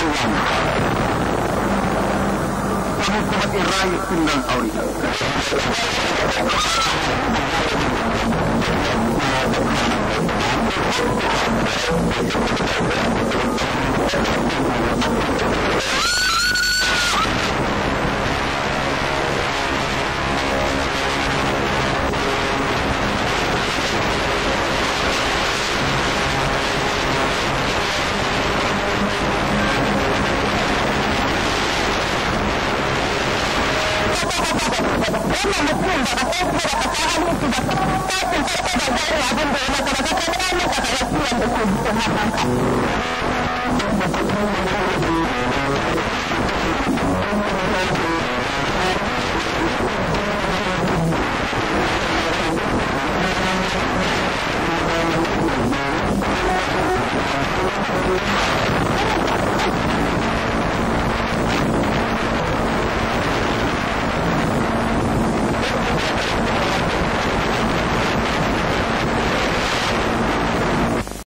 shiga ne wani kuma in rayu kun aure wannan mutumin da ba ko ko da ka aminci da ko ko da abin da ya maka da ka kai ne ka kai ciwon da ke jikin hakan